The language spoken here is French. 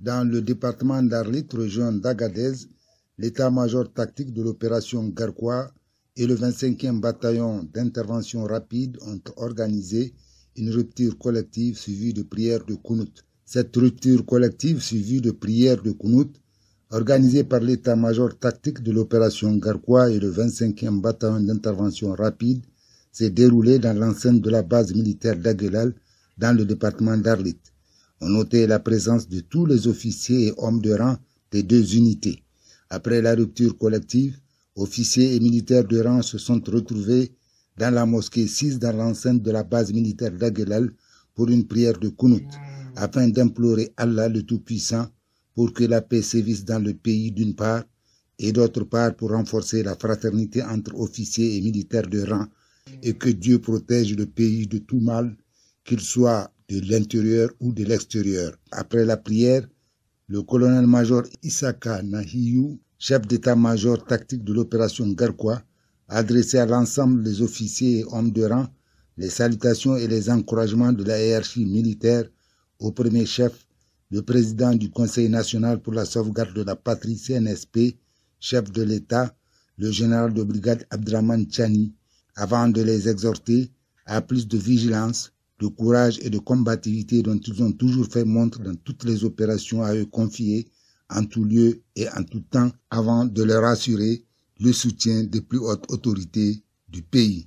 dans le département d'Arlit, région d'Agadez, l'état-major tactique de l'opération Garquois et le 25e bataillon d'intervention rapide ont organisé une rupture collective suivie de prières de Kounout. Cette rupture collective suivie de prières de Kounout, organisée par l'état-major tactique de l'opération Garquois et le 25e bataillon d'intervention rapide, s'est déroulée dans l'enceinte de la base militaire d'Aguelal dans le département d'Arlit. On notait la présence de tous les officiers et hommes de rang des deux unités. Après la rupture collective, officiers et militaires de rang se sont retrouvés dans la mosquée 6 dans l'enceinte de la base militaire d'Aguelal pour une prière de kunut afin d'implorer Allah le Tout-Puissant pour que la paix sévisse dans le pays d'une part et d'autre part pour renforcer la fraternité entre officiers et militaires de rang et que Dieu protège le pays de tout mal, qu'il soit de l'intérieur ou de l'extérieur. Après la prière, le colonel-major Isaka Nahiyu, chef d'état-major tactique de l'opération Garkwa, adressait à l'ensemble des officiers et hommes de rang les salutations et les encouragements de la hiérarchie militaire au premier chef, le président du Conseil national pour la sauvegarde de la patrie CNSP, chef de l'État, le général de brigade Abdraman Chani, avant de les exhorter à plus de vigilance le courage et de combativité dont ils ont toujours fait montre dans toutes les opérations à eux confiées, en tout lieu et en tout temps, avant de leur assurer le soutien des plus hautes autorités du pays.